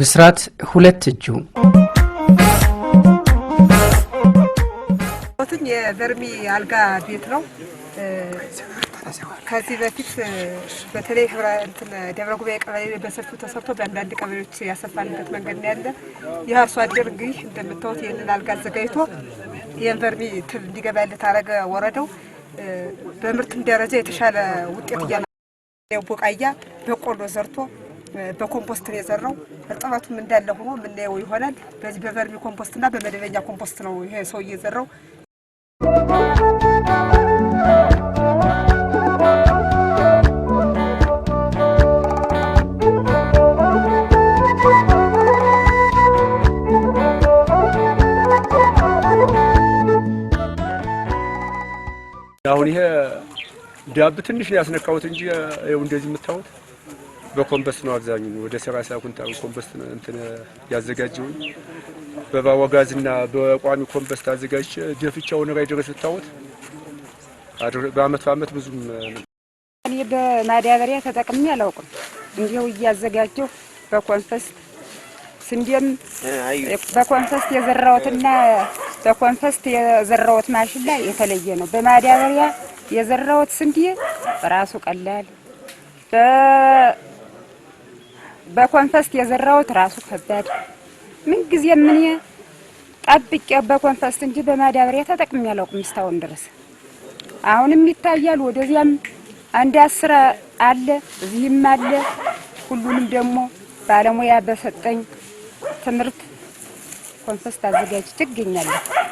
ብስራት ሁለት እጁ ቱም የቨርሚ አልጋ ቤት ነው። ከዚህ በፊት በተለይ ደብረ ጉባኤ ቀበሌ በሰፊው ተሰርቶ በአንዳንድ ቀበሌዎች ያሰፋንበት መንገድ ነው ያለ። ይህ አርሶ አደር እንግዲህ እንደምታዩት ይህንን አልጋ አዘጋጅቶ ይህን ቨርሚ ትል እንዲገባለት አረገ። ወረደው በምርትም ደረጃ የተሻለ ውጤት እያ ቦቃያ በቆሎ ዘርቶ በኮምፖስት ነው የዘራው። እርጥበቱም እንዳለ ሆኖ የምናየው ይሆናል። በዚህ በቨርሚ ኮምፖስት እና በመደበኛ ኮምፖስት ነው ይሄ ሰው እየዘራው። አሁን ይሄ ዳብ ትንሽ ነው ያስነካሁት እንጂ እንደዚህ የምታዩት በኮምበስት ነው አብዛኛው ወደ ሰላሳ ኩንታል ኮምበስት ነው እንትን ያዘጋጀው በባወጋዝና በቋሚ ኮምበስት አዘጋጅ ደፍቻው ነው ላይ ድረስ ተታውት በአመት በአመት ብዙም እኔ በማዳበሪያ ተጠቅሜ አላውቅም። እንዲሁ እያዘጋጀው በኮንፈስት ስንዴም በኮንፈስት የዘራሁትና በኮንፈስት የዘራሁት ላይ የተለየ ነው። በማዳበሪያ የዘራሁት ስንዴ ራሱ ቀላል በኮንፈስት የዘራሁት ራሱ ከባድ ምን ጊዜ ምን ጠብቄ በኮንፈስት እንጂ በማዳበሪያ ተጠቅሜ አላውቅም እስካሁን ድረስ። አሁንም ይታያል ወደዚያም አንድ አስር አለ እዚህም አለ። ሁሉንም ደግሞ ባለሙያ በሰጠኝ ትምህርት ኮንፈስት አዘጋጅ እገኛለሁ።